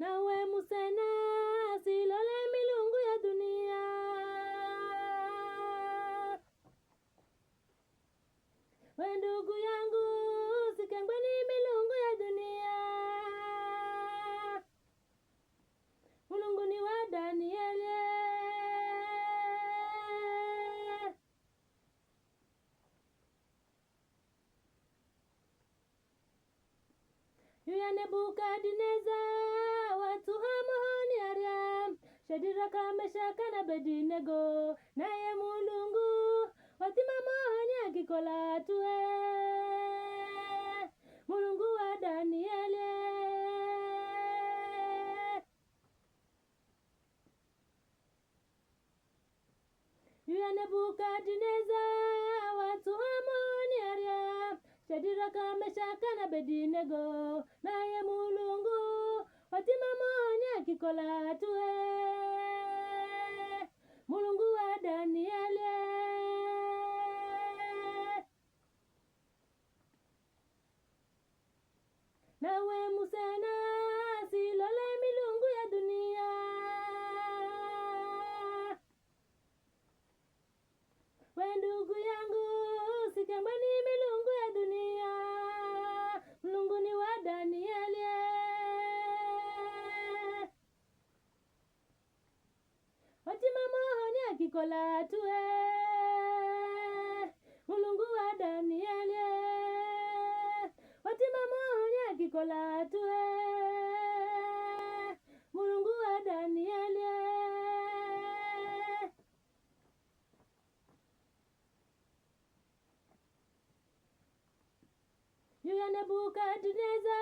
nawe musene silole milungu ya dunia. We ndugu yangu, sikengweni milungu ya dunia. Mulungu ni wa Danieli, yuya Nebukadineza Tuha Shadiraka Meshaka na bedinego naye Mulungu wasimama hanyakikola tuwe Mulungu wa Danieli. Juu ya Nebukadineza watu hamuoniaria Shadiraka Meshaka na bedinego naye Mulungu Fatima monya kikola tuwe Mulungu wa Daniele nawe musena silole milungu ya dunia we ndugu yangu sikambani milungu ya dunia Nikola Atue, Mulungu wa Danieli, watima nya Kikola Atue, Mulungu wa Danieli. Juu ya Nebukadneza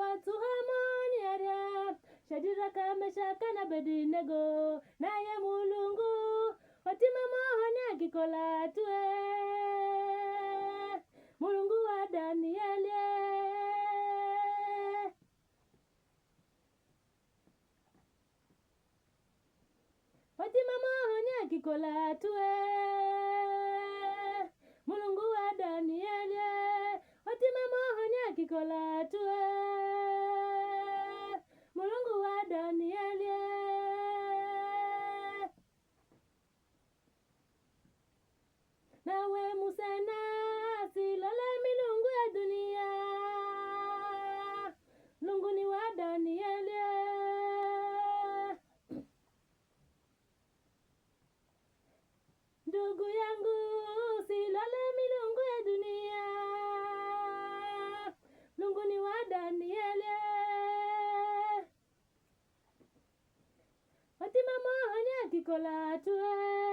watu hamoniaria Shadiraka, Meshaka na Abednego kikola Kikolatwe, Mulungu wa Danieli. Fatima Monya Kikolatwe, Mulungu wa Danieli. Fatima Monya Kikolatwe Musana, silole milungu ya dunia, Mungu ni wa Danieli. Ndugu yangu, silole milungu ya dunia, Mungu ni wa Danieli. Fatima Mohoni akikola tue eh.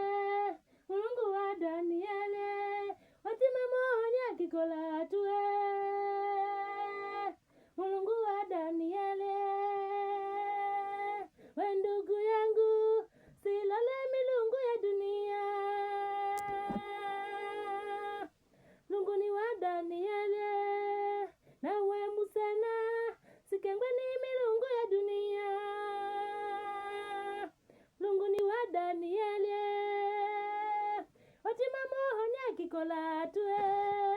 Danieli otima mohonyakikola tue